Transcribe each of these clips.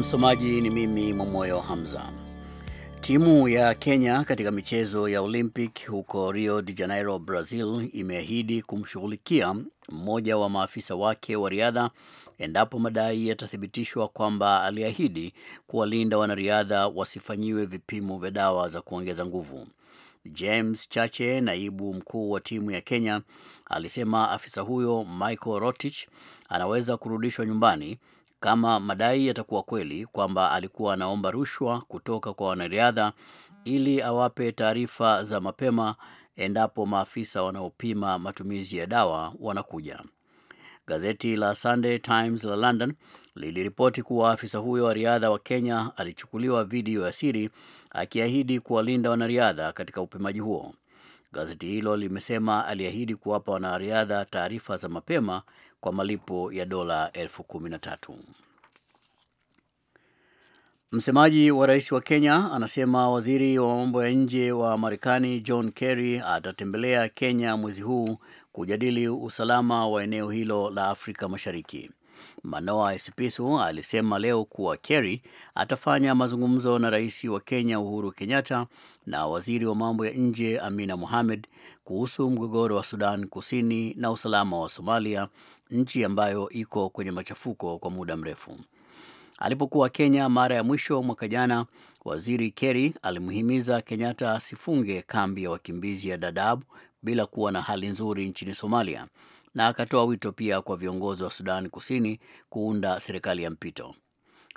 Msomaji ni mimi Momoyo Hamza. Timu ya Kenya katika michezo ya Olympic huko Rio de Janeiro, Brazil, imeahidi kumshughulikia mmoja wa maafisa wake wa riadha endapo madai yatathibitishwa kwamba aliahidi kuwalinda wanariadha wasifanyiwe vipimo vya dawa za kuongeza nguvu. James Chache, naibu mkuu wa timu ya Kenya, alisema afisa huyo Michael Rotich anaweza kurudishwa nyumbani kama madai yatakuwa kweli kwamba alikuwa anaomba rushwa kutoka kwa wanariadha ili awape taarifa za mapema endapo maafisa wanaopima matumizi ya dawa wanakuja. Gazeti la Sunday Times la London liliripoti kuwa afisa huyo wa riadha wa Kenya alichukuliwa video ya siri akiahidi kuwalinda wanariadha katika upimaji huo. Gazeti hilo limesema aliahidi kuwapa wanariadha taarifa za mapema kwa malipo ya dola elfu kumi na tatu. Msemaji wa rais wa Kenya anasema waziri wa mambo ya nje wa Marekani John Kerry atatembelea Kenya mwezi huu kujadili usalama wa eneo hilo la Afrika Mashariki. Manoa Esipisu alisema leo kuwa Kerry atafanya mazungumzo na rais wa Kenya Uhuru Kenyatta na waziri wa mambo ya nje Amina Mohamed kuhusu mgogoro wa Sudan Kusini na usalama wa Somalia nchi ambayo iko kwenye machafuko kwa muda mrefu. Alipokuwa Kenya mara ya mwisho mwaka jana, Waziri Kerry alimhimiza Kenyatta asifunge kambi ya wakimbizi ya Dadaab bila kuwa na hali nzuri nchini Somalia, na akatoa wito pia kwa viongozi wa Sudan Kusini kuunda serikali ya mpito.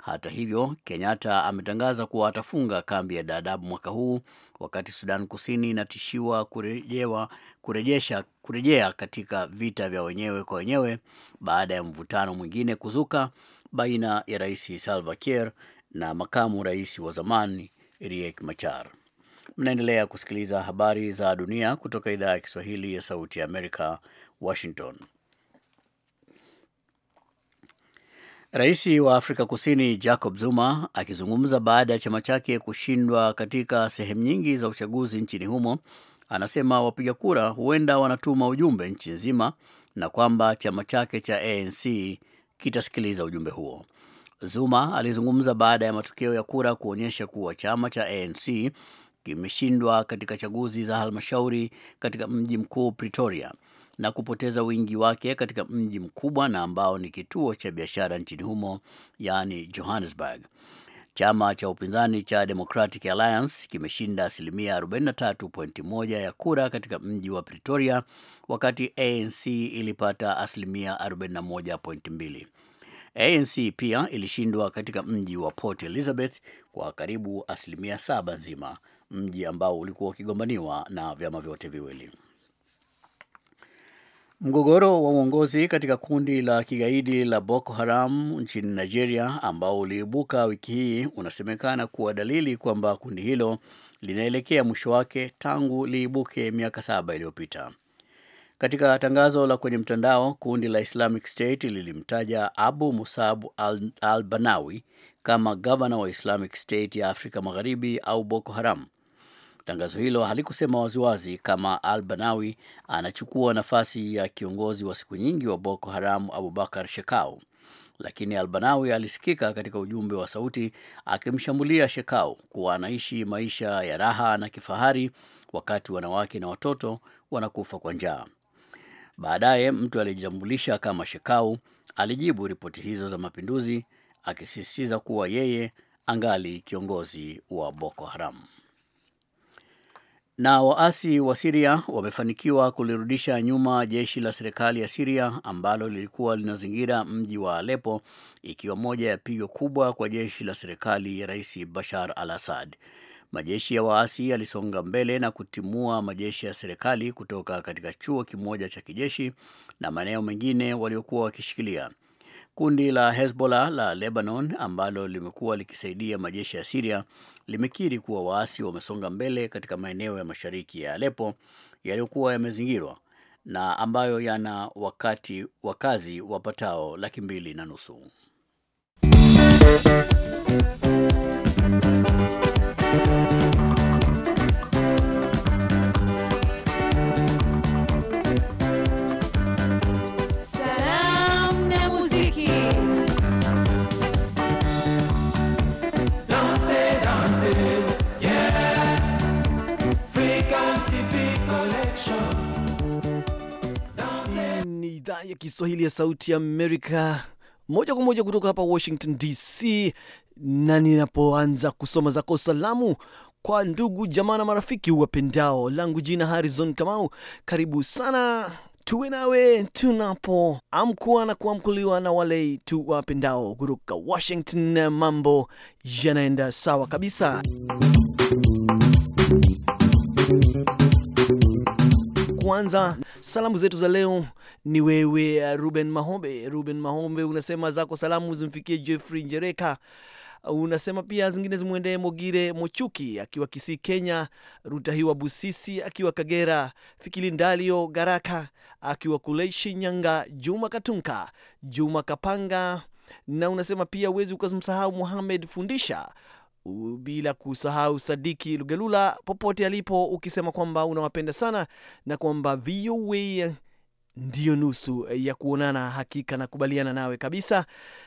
Hata hivyo, Kenyatta ametangaza kuwa atafunga kambi ya Dadaab mwaka huu, wakati Sudan Kusini inatishiwa kurejewa, kurejesha, kurejea katika vita vya wenyewe kwa wenyewe baada ya mvutano mwingine kuzuka baina ya Rais Salva Kiir na makamu rais wa zamani Riek Machar. Mnaendelea kusikiliza habari za dunia kutoka idhaa ya Kiswahili ya Sauti ya Amerika, Washington. Rais wa Afrika Kusini Jacob Zuma akizungumza baada ya chama chake kushindwa katika sehemu nyingi za uchaguzi nchini humo, anasema wapiga kura huenda wanatuma ujumbe nchi nzima na kwamba chama chake cha ANC kitasikiliza ujumbe huo. Zuma alizungumza baada ya matokeo ya kura kuonyesha kuwa chama cha ANC kimeshindwa katika chaguzi za halmashauri katika mji mkuu Pretoria na kupoteza wingi wake katika mji mkubwa na ambao ni kituo cha biashara nchini humo, yaani Johannesburg. Chama cha upinzani cha Democratic Alliance kimeshinda asilimia 43.1 ya kura katika mji wa Pretoria, wakati ANC ilipata asilimia 41.2. ANC pia ilishindwa katika mji wa Port Elizabeth kwa karibu asilimia saba nzima, mji ambao ulikuwa ukigombaniwa na vyama vyote viwili. Mgogoro wa uongozi katika kundi la kigaidi la Boko Haram nchini Nigeria ambao uliibuka wiki hii unasemekana kuwa dalili kwamba kundi hilo linaelekea mwisho wake tangu liibuke miaka saba iliyopita. Katika tangazo la kwenye mtandao, kundi la Islamic State lilimtaja Abu Musab al-Banawi kama gavana wa Islamic State ya Afrika Magharibi au Boko Haram Tangazo hilo halikusema waziwazi kama al-Banawi anachukua nafasi ya kiongozi wa siku nyingi wa Boko Haram Abubakar Shekau, lakini al-Banawi alisikika katika ujumbe wa sauti akimshambulia Shekau kuwa anaishi maisha ya raha na kifahari wakati wanawake na watoto wanakufa kwa njaa. Baadaye mtu alijitambulisha kama Shekau alijibu ripoti hizo za mapinduzi akisisitiza kuwa yeye angali kiongozi wa Boko Haram. Na waasi wa Siria wamefanikiwa kulirudisha nyuma jeshi la serikali ya Siria ambalo lilikuwa linazingira mji wa Alepo, ikiwa moja ya pigo kubwa kwa jeshi la serikali ya Rais Bashar al Assad. Majeshi ya waasi yalisonga mbele na kutimua majeshi ya serikali kutoka katika chuo kimoja cha kijeshi na maeneo mengine waliokuwa wakishikilia. Kundi la Hezbollah la Lebanon ambalo limekuwa likisaidia majeshi ya Siria limekiri kuwa waasi wamesonga mbele katika maeneo ya mashariki ya Aleppo yaliyokuwa yamezingirwa na ambayo yana wakati wakazi wapatao laki mbili na nusu. ya Kiswahili ya Sauti ya Amerika moja kwa moja kutoka hapa Washington DC, na ninapoanza kusoma zako salamu kwa ndugu jamaa na marafiki wapendao, langu jina Harrison Kamau. Karibu sana tuwe nawe tunapoamkua na kuamkuliwa na wale wapendao Kutoka Washington mambo yanaenda sawa kabisa kwanza salamu zetu za leo ni wewe eh, Ruben Mahombe. Ruben Mahombe unasema zako salamu zimfikie Jeffrey Njereka, unasema pia zingine zimwendee Mogire Mochuki akiwa Kisii, Kenya, ruta Hiwa Busisi akiwa Kagera, Fikili Ndalio Garaka akiwa kule Shinyanga, Juma Katunka, Juma Kapanga, na unasema pia uwezi ukamsahau Muhamed Fundisha bila kusahau Sadiki Lugelula popote alipo, ukisema kwamba unawapenda sana na kwamba VOA ndiyo nusu ya kuonana. Hakika nakubaliana nawe kabisa.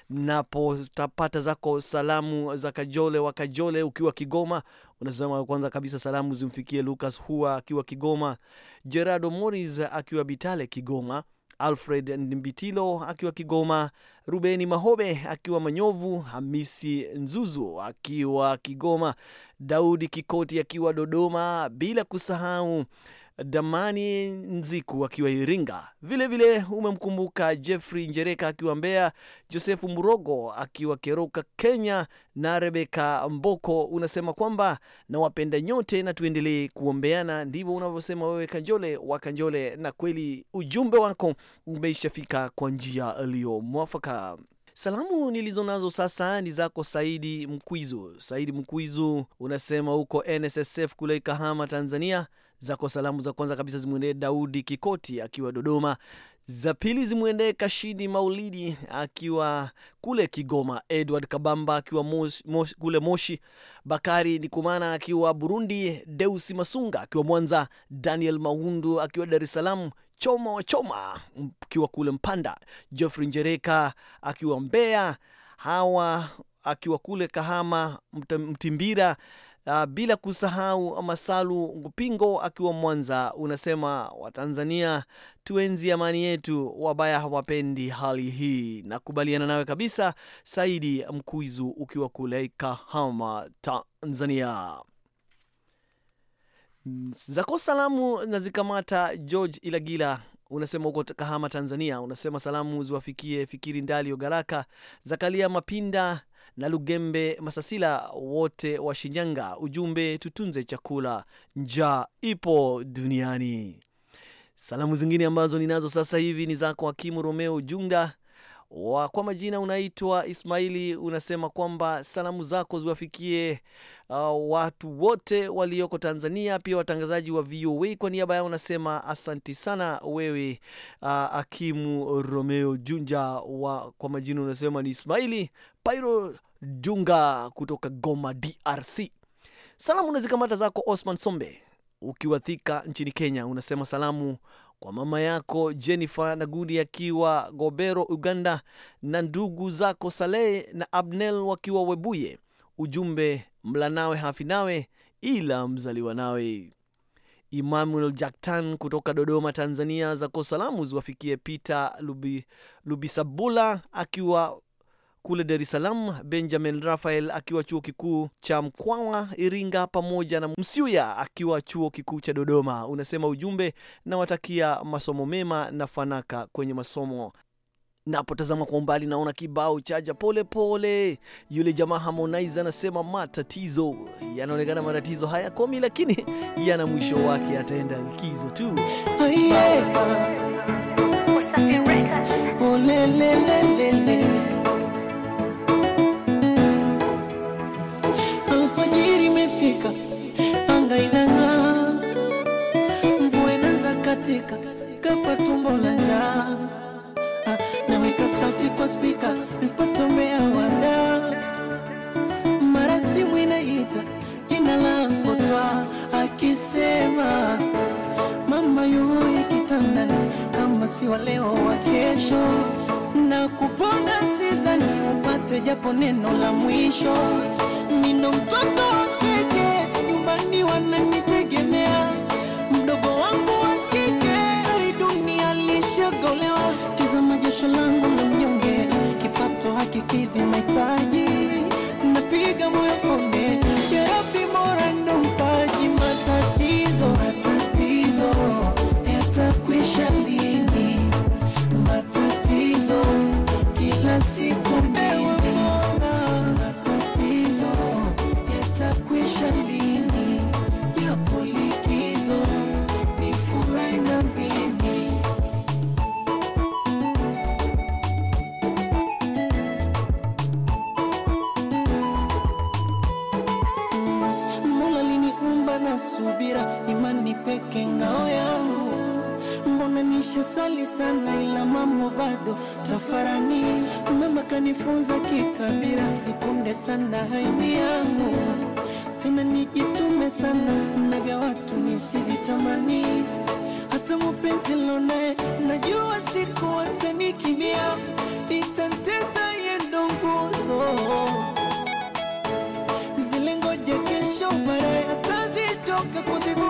Napotapata zako salamu za Kajole wa Kajole ukiwa Kigoma, unasema kwanza kabisa salamu zimfikie Lucas Hua akiwa Kigoma, Gerardo Moris akiwa Bitale Kigoma, Alfred Ndimbitilo akiwa Kigoma, Rubeni Mahobe akiwa Manyovu, Hamisi Nzuzu akiwa Kigoma, Daudi Kikoti akiwa Dodoma, bila kusahau Damani Nziku akiwa Iringa, vilevile umemkumbuka Jeffrey Njereka akiwa Mbeya, Josefu Murogo akiwa Keroka, Kenya na Rebeka Mboko. Unasema kwamba nawapenda nyote na tuendelee kuombeana, ndivyo unavyosema wewe Kanjole wa Kanjole, na kweli ujumbe wako umeishafika kwa njia iliyo mwafaka. Salamu nilizo nazo sasa ni zako Saidi Mkwizu. Saidi Mkwizu unasema huko NSSF kule Kahama, Tanzania Zako salamu za kwanza kabisa zimwendee Daudi Kikoti akiwa Dodoma, za pili zimwendee Kashidi Maulidi akiwa kule Kigoma, Edward Kabamba akiwa mos, mos, kule Moshi, Bakari Nikumana akiwa Burundi, Deusi Masunga akiwa Mwanza, Daniel Maundu akiwa Dar es Salaam, Choma wa Choma akiwa kule Mpanda, Geoffrey Njereka akiwa Mbeya, Hawa akiwa kule Kahama, Mtimbira Uh, bila kusahau Masalu Ngupingo akiwa Mwanza, unasema Watanzania tuenzi amani yetu, wabaya hawapendi hali hii. Nakubaliana nawe kabisa. Saidi Mkuizu ukiwa kule Kahama, Tanzania zako salamu na zikamata. George Ilagila unasema huko Kahama Tanzania, unasema salamu ziwafikie Fikiri Ndali Ogaraka, Zakaria Mapinda, na Lugembe Masasila wote wa Shinyanga. Ujumbe, tutunze chakula, njaa ipo duniani. Salamu zingine ambazo ninazo sasa hivi ni zako Hakimu Romeo Junga wa kwa majina unaitwa Ismaili, unasema kwamba salamu zako ziwafikie uh, watu wote walioko Tanzania, pia watangazaji wa VOA. Kwa niaba yao unasema asanti sana wewe, uh, Akimu Romeo Junja wa kwa majina unasema ni Ismaili Pairo Junga kutoka Goma, DRC. Salamu zikamata zako Osman Sombe ukiwa Thika nchini Kenya. Unasema salamu kwa mama yako Jennifer Nagudi akiwa Gobero, Uganda, na ndugu zako Saleh na Abnel wakiwa Webuye. Ujumbe, mla nawe hafi nawe ila mzaliwa nawe. Emmanuel Jaktan kutoka Dodoma, Tanzania, zako salamu ziwafikie Peter Lubi, Lubisabula akiwa kule Dar es Salaam, Benjamin Rafael akiwa chuo kikuu cha Mkwawa Iringa, pamoja na Msiuya akiwa chuo kikuu cha Dodoma. Unasema ujumbe nawatakia masomo mema na fanaka kwenye masomo. Napotazama kwa umbali naona kibao chaja pole pole, yule jamaa Harmonize anasema matatizo yanaonekana, matatizo haya komi, lakini yana mwisho wake, ataenda likizo tu. Oh, yeah. que y siku sali sana ila mambo bado tafarani. Mama kanifunza kikabira nikunde sana haini yangu tena nijitume sana na vya watu nisivitamani. Hata mupenzi lonaye najua siku watanikimbia, itanteza yendo nguzo zile, kesho baadaye atazichoka kuzivu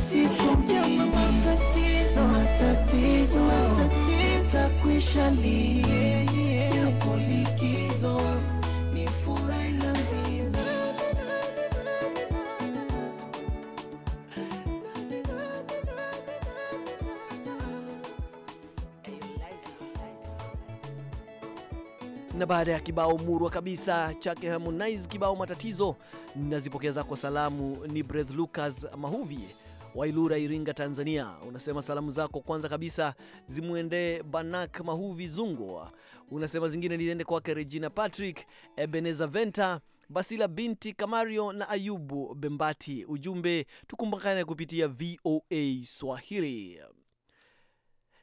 siku matatizo matatizo likizo ni na baada ya kibao murwa kabisa chake Harmonize kibao matatizo, nazipokea zako salamu. Ni Breth Lucas Mahuvi Wailura, Iringa, Tanzania, unasema salamu zako kwanza kabisa zimwendee Banak Mahuvi zungu unasema zingine niende kwake Regina Patrick, Ebeneza Venta Basila binti Kamario na Ayubu Bembati. Ujumbe, tukumbukane kupitia VOA Swahili.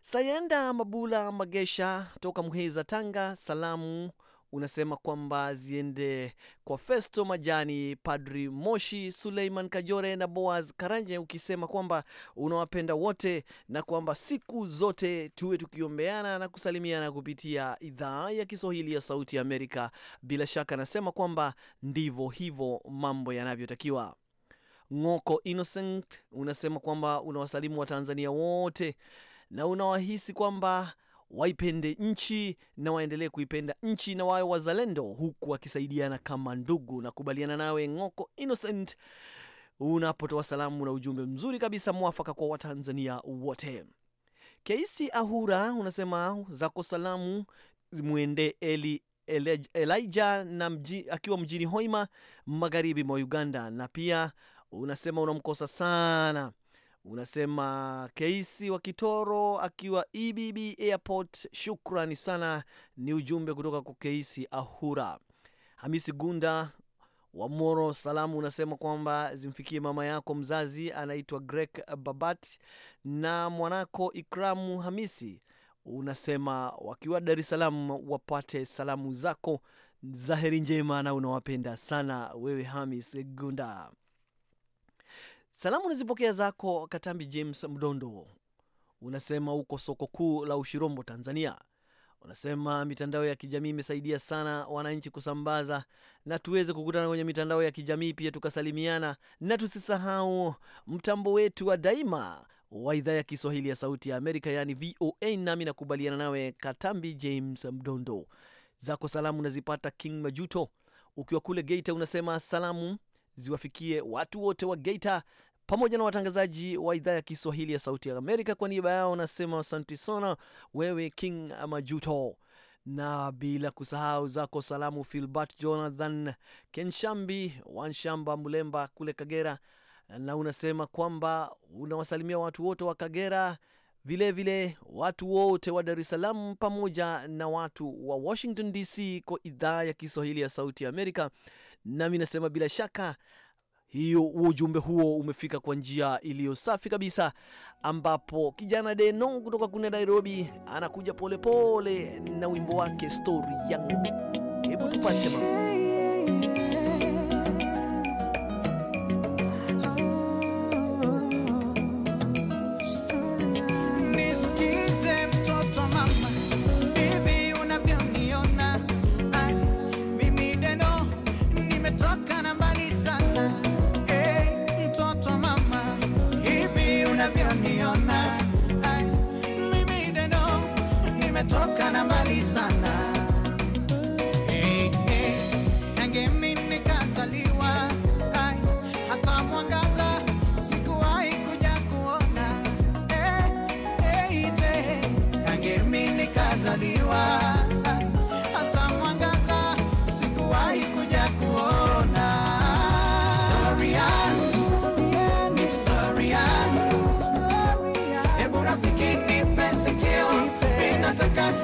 Sayenda Mabula Magesha toka Muheza, Tanga, salamu unasema kwamba ziende kwa Festo Majani, Padri Moshi, Suleiman Kajore na Boaz Karanje, ukisema kwamba unawapenda wote na kwamba siku zote tuwe tukiombeana na kusalimiana kupitia idhaa ya Kiswahili ya Sauti ya Amerika. Bila shaka anasema kwamba ndivyo hivyo mambo yanavyotakiwa. Ng'oko Innocent unasema kwamba unawasalimu Watanzania wote na unawahisi kwamba waipende nchi na waendelee kuipenda nchi na wawe wazalendo, huku wakisaidiana kama ndugu. Na kubaliana nawe Ng'oko Innocent unapotoa salamu na ujumbe mzuri kabisa mwafaka kwa Watanzania wote. Keisi Ahura unasema zako salamu mwende Eli Elijah na mji, akiwa mjini Hoima magharibi mwa Uganda, na pia unasema unamkosa sana Unasema Keisi wa Kitoro akiwa EBB Airport, shukrani sana. Ni ujumbe kutoka kwa Keisi Ahura. Hamisi Gunda wa Moro salamu unasema kwamba zimfikie mama yako mzazi anaitwa Grek Babat na mwanako Ikramu Hamisi, unasema wakiwa Dar es Salaam wapate salamu zako za heri njema na unawapenda sana wewe Hamis Gunda. Salamu nazipokea zako Katambi James Mdondo, unasema uko soko kuu la Ushirombo, Tanzania. Unasema mitandao ya kijamii imesaidia sana wananchi kusambaza, na tuweze kukutana kwenye mitandao ya kijamii pia tukasalimiana, na tusisahau mtambo wetu wa daima wa idhaa ya Kiswahili ya Sauti ya Amerika, yaani VOA. Nami nakubaliana nawe Katambi James Mdondo. Zako salamu unazipata King Majuto ukiwa kule Geita, unasema salamu ziwafikie watu wote wa Geita pamoja na watangazaji wa idhaa ya Kiswahili ya Sauti ya Amerika. Kwa niaba yao nasema asante sana wewe King Majuto, na bila kusahau zako salamu Filbert Jonathan Kenshambi Wanshamba Mlemba kule Kagera, na unasema kwamba unawasalimia watu wote wa Kagera vilevile vile, watu wote wa Dar es Salaam pamoja na watu wa Washington DC kwa idhaa ya Kiswahili ya Sauti ya Amerika. Nami nasema bila shaka hiyo ujumbe huo umefika kwa njia iliyo safi kabisa, ambapo kijana deno kutoka kune Nairobi anakuja polepole pole na wimbo wake stori yangu. Hebu tupate mambo. Navio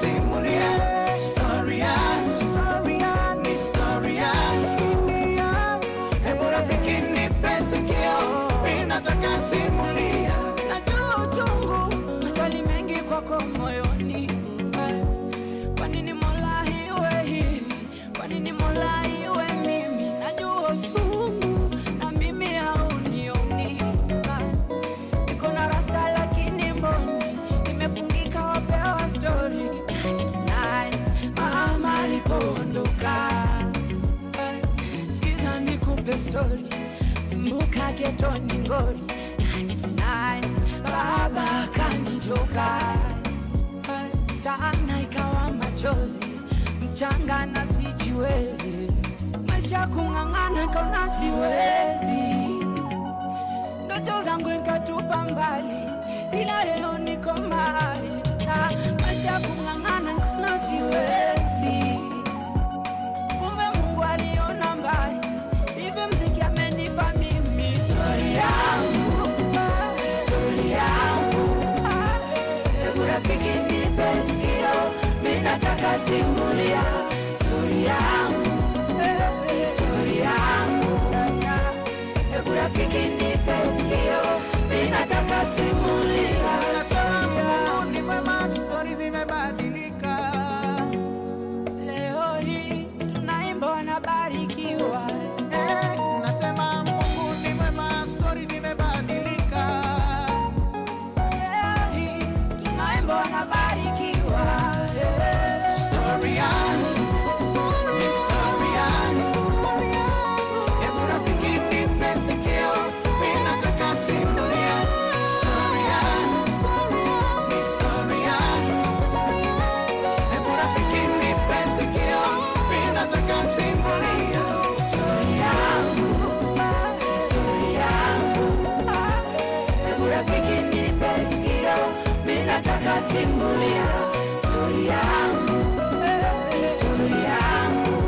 seem stori, muka getoni ngori, nani baba akanitoka sana, ikawa machozi mchanga na sijiwezi, maisha kung'ang'ana kaona siwezi, ndoto zangu nikatupa mbali, ila leo niko mahali maisha kung'ang'ana kaona siwezi Urafiki nipe sikio, mimi nataka simu nataka simulia historia yangu, historia yangu.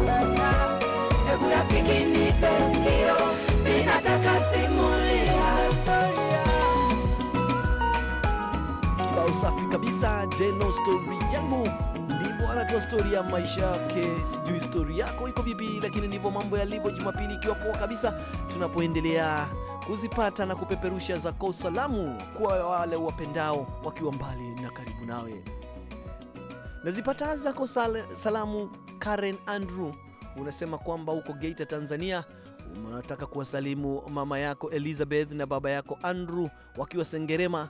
Ebu rafiki, nipe sikio, mimi nataka simulia kwa usafi kabisa. Deno, stori yangu anatoa stori ya maisha yake. Sijui stori yako iko vipi, lakini ndivyo mambo yalivyo Jumapili ikiwa poa kabisa, tunapoendelea kuzipata na kupeperusha zako salamu kwa wale wapendao wakiwa mbali na karibu nawe. Nazipata zako salamu. Karen Andrew unasema kwamba huko Geita, Tanzania, unataka kuwasalimu mama yako Elizabeth na baba yako Andrew wakiwa Sengerema,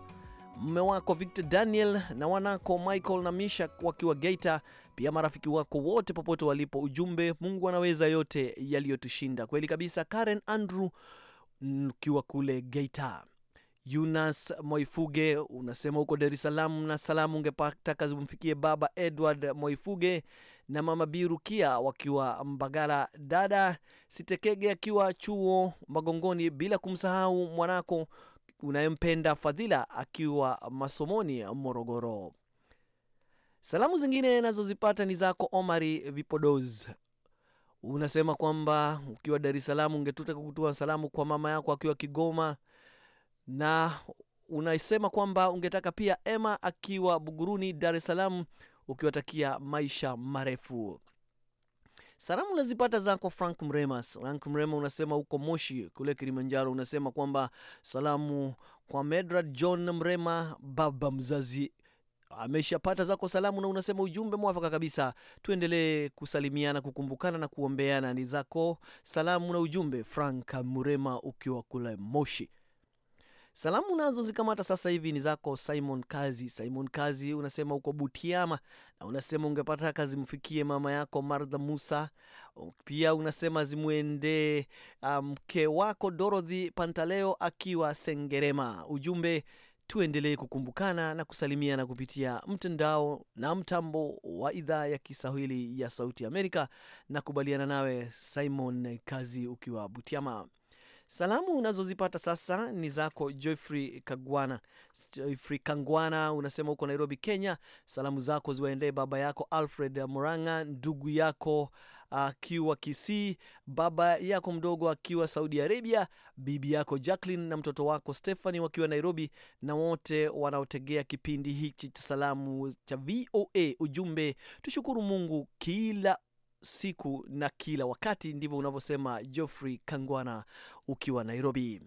mme wako Victor Daniel na wanako Michael na Misha wakiwa Geita, pia marafiki wako wote popote walipo. Ujumbe, Mungu anaweza yote yaliyotushinda. Kweli kabisa, Karen Andrew, ukiwa kule Geita. Yunas Moifuge unasema huko Dar es Salaam na salamu kazi umfikie baba Edward Moifuge na mama Birukia wakiwa Mbagala, dada Sitekege akiwa chuo Magongoni, bila kumsahau mwanako unayempenda Fadhila akiwa masomoni Morogoro. Salamu zingine nazozipata ni zako Omari Vipodoz unasema kwamba ukiwa Dar es Salaam ungetutaka kutoa salamu kwa mama yako akiwa Kigoma, na unasema kwamba ungetaka pia Emma akiwa Buguruni, Dar es Salaam, ukiwatakia maisha marefu. Salamu unazipata zako Frank Mrema. Frank Mrema unasema uko Moshi kule Kilimanjaro, unasema kwamba salamu kwa Medrad John Mrema, baba mzazi ameshapata zako salamu na unasema ujumbe mwafaka kabisa. Tuendelee kusalimiana, kukumbukana na kuombeana. Ni zako salamu na ujumbe, Franka Murema ukiwa kule Moshi. Salamu nazo zikamata sasa hivi ni zako Simon Kazi. Simon Kazi unasema uko Butiama na unasema ungepata kazi mfikie mama yako Martha Musa, pia unasema zimwendee ah, mke um, wako Dorothy Pantaleo akiwa Sengerema. Ujumbe tuendelee kukumbukana na kusalimiana kupitia mtandao na mtambo wa idhaa ya Kiswahili ya Sauti Amerika. Na kubaliana nawe Simon Kazi ukiwa Butiama. Salamu unazozipata sasa ni zako Joyfrey Kagwana. Joyfrey Kangwana unasema uko Nairobi, Kenya. Salamu zako ziwaendee baba yako Alfred Moranga, ndugu yako akiwa Kisii, baba yako mdogo akiwa Saudi Arabia, bibi yako Jacqueline na mtoto wako Stephanie wakiwa Nairobi, na wote wanaotegea kipindi hichi cha salamu cha VOA. Ujumbe, tushukuru Mungu kila siku na kila wakati, ndivyo unavyosema Geoffrey Kangwana ukiwa Nairobi.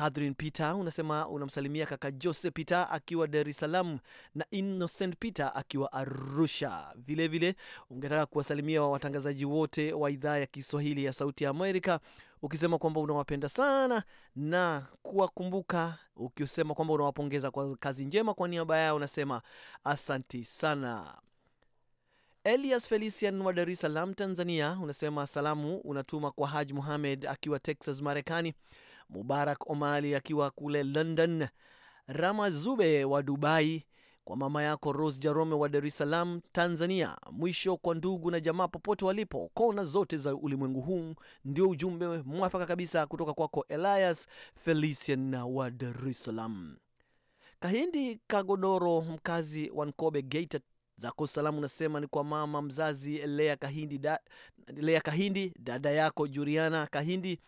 Catherine Peter unasema unamsalimia kaka Jose Peter akiwa Dar es Salaam na Innocent Peter akiwa Arusha. Vilevile ungetaka kuwasalimia watangazaji wote wa idhaa ya Kiswahili ya Sauti ya Amerika ukisema kwamba unawapenda sana na kuwakumbuka, ukisema kwamba unawapongeza kwa kazi njema. Kwa niaba yao unasema asanti sana. Elias Felician wa Dar es Salaam, Tanzania, unasema salamu unatuma kwa Haji Muhamed akiwa Texas, Marekani. Mubarak Omali akiwa kule London, Rama Zube wa Dubai, kwa mama yako Rose Jarome wa Dar es Salaam, Tanzania. Mwisho kwa ndugu na jamaa popote walipo kona zote za ulimwengu huu, ndio ujumbe mwafaka kabisa kutoka kwako Elias Felician wa Dar es Salaam. Kahindi Kagodoro, mkazi wa Nkobe, Geita, zako salamu unasema ni kwa mama mzazi Lea Kahindi, da, Lea Kahindi, dada yako Juliana Kahindi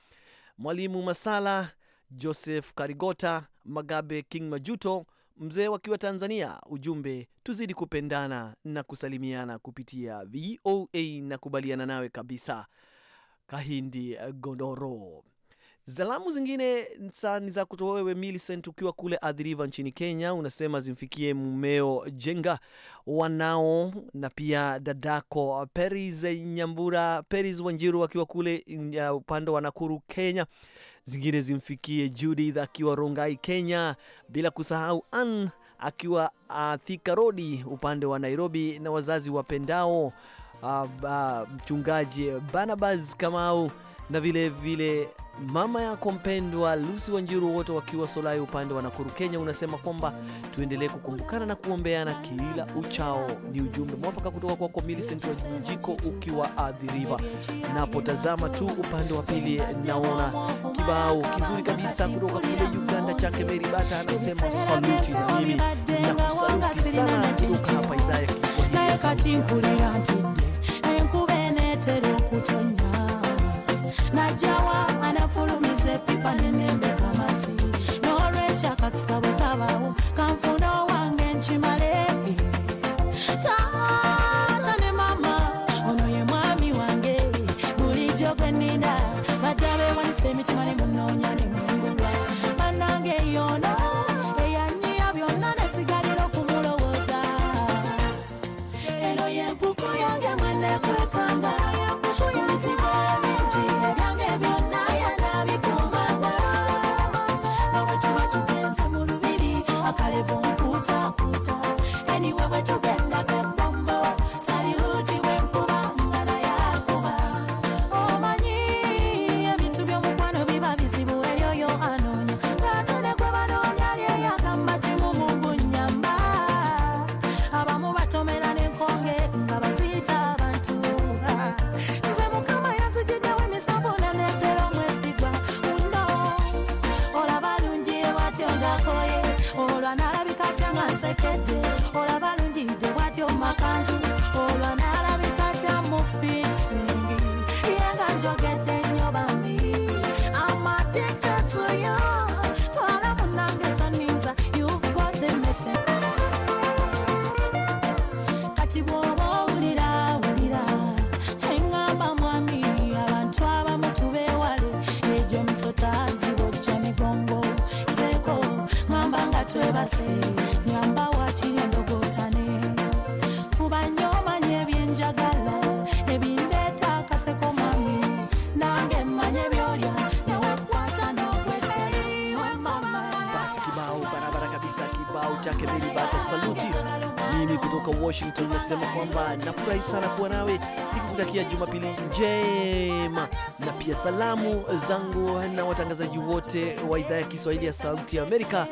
Mwalimu Masala, Joseph Karigota, Magabe King Majuto, mzee wakiwa Tanzania. Ujumbe, tuzidi kupendana na kusalimiana kupitia VOA na kubaliana nawe kabisa. Kahindi Godoro. Salamu zingine ni za kutoa wewe Millicent, ukiwa kule adhiriva nchini Kenya, unasema zimfikie mumeo Jenga, wanao na pia dadako Peris Nyambura, Peris Wanjiru akiwa kule upande wa Nakuru, Kenya. Zingine zimfikie Judith akiwa Rongai, Kenya, bila kusahau Ann akiwa Thika Rodi upande wa Nairobi, na wazazi wapendao uh, uh, mchungaji Barnabas Kamau na vilevile vile mama yako mpendwa Lucy Wanjiru, wote wakiwa Solai upande wa Nakuru, Kenya, unasema kwamba tuendelee kukumbukana na kuombeana kila uchao. Ni ujumbe mwafaka kutoka kwako Milicent Wanjiko ukiwa adhiriva Napotazama tu upande wa pili, naona kibao kizuri kabisa kutoka kule Uganda chake meribata Bata, anasema saluti, na mimi kusaluti sana kutoka hapa idhaa ya Kiswahili. panenebe mimi kutoka Washington nasema kwamba nafurahi sana kuwa nawe, nikikutakia Jumapili njema, na pia salamu zangu na watangazaji wote wa idhaa ya Kiswahili ya Sauti ya Amerika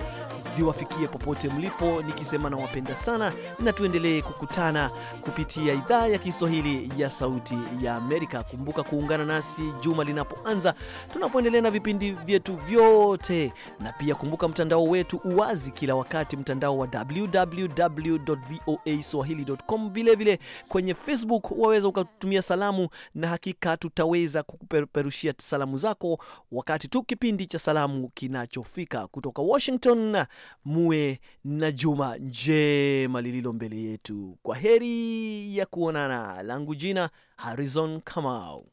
ziwafikie popote mlipo, nikisema nawapenda sana, na tuendelee kukutana kupitia idhaa ya Kiswahili ya Sauti ya Amerika. Kumbuka kuungana nasi juma linapoanza, tunapoendelea na vipindi vyetu vyote, na pia kumbuka mtandao wetu uwazi kila wakati, mtandao wa www.voaswahili.com. Vilevile kwenye Facebook waweza ukatumia salamu, na hakika tutaweza kukupeperushia salamu zako wakati tu kipindi cha salamu kinachofika kutoka Washington muwe na juma njema lililo mbele yetu. Kwa heri ya kuonana, langu jina Harrison Kamau.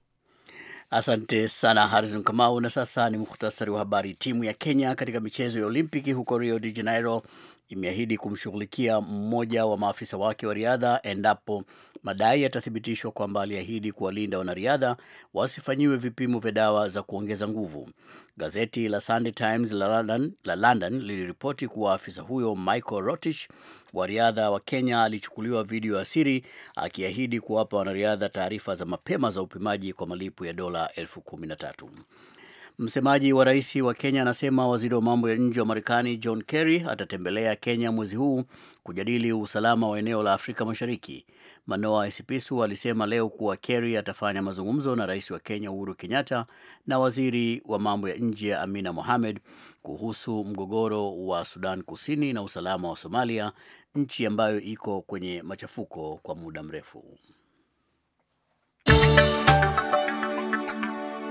Asante sana Harrison Kamau. Na sasa ni muhtasari wa habari. Timu ya Kenya katika michezo ya Olimpiki huko Rio de Janeiro imeahidi kumshughulikia mmoja wa maafisa wake wa riadha endapo madai yatathibitishwa kwamba aliahidi kuwalinda wanariadha wasifanyiwe vipimo vya dawa za kuongeza nguvu. Gazeti la Sunday Times la London, la London liliripoti kuwa afisa huyo Michael Rotich wa riadha wa Kenya alichukuliwa video ya siri akiahidi kuwapa wanariadha taarifa za mapema za upimaji kwa malipo ya dola elfu kumi na tatu. Msemaji wa rais wa Kenya anasema waziri wa mambo ya nje wa Marekani John Kerry atatembelea Kenya mwezi huu kujadili usalama wa eneo la Afrika Mashariki. Manoa Esipisu alisema leo kuwa Kerry atafanya mazungumzo na rais wa Kenya Uhuru Kenyatta na waziri wa mambo ya nje Amina Mohamed kuhusu mgogoro wa Sudan Kusini na usalama wa Somalia, nchi ambayo iko kwenye machafuko kwa muda mrefu.